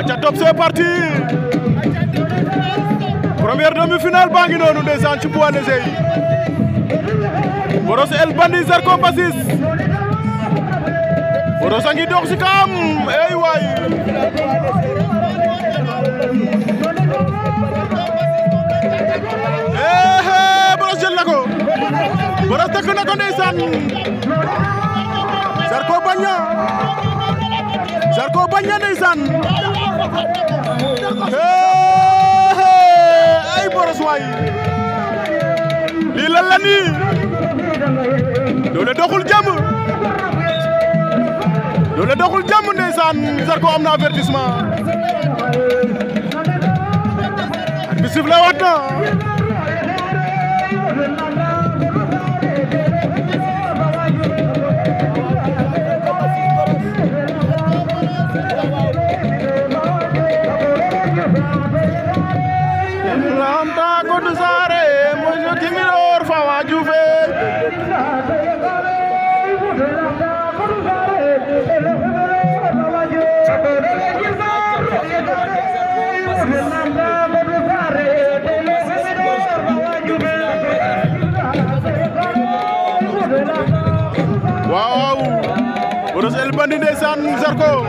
aca top c'est parti première demi-finale baa ngi noonu ndeysaan ci poids léger yi El Bandit Zarco Passis Brosse a ngi dox ey waay eehe eh, Brosse jël na ko Brosse takk na ko ndeysaan Zarco bañ na Zarco bañ ay boros waay lii lan la nii doole doxul jàmm doole doxul jàmm ndeysaan Zarko am na avertissement arbitre bi siflé waat na Lamta Goudou Saré moƴƴo kiminor fawa juufe waaw waaw Bross El Bandit ndeysaan Zarko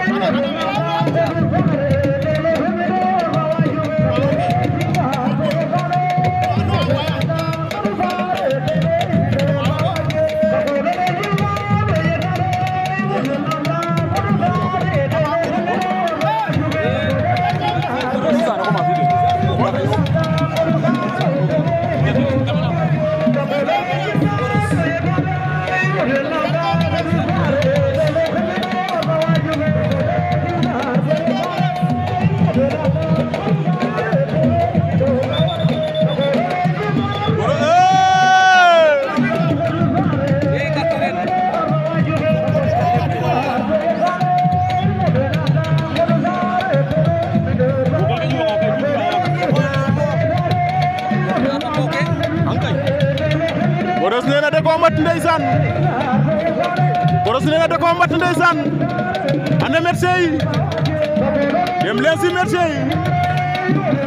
da koo mat ndeysaan nee na da koo mat ndeysaan ana médecin leen si médecin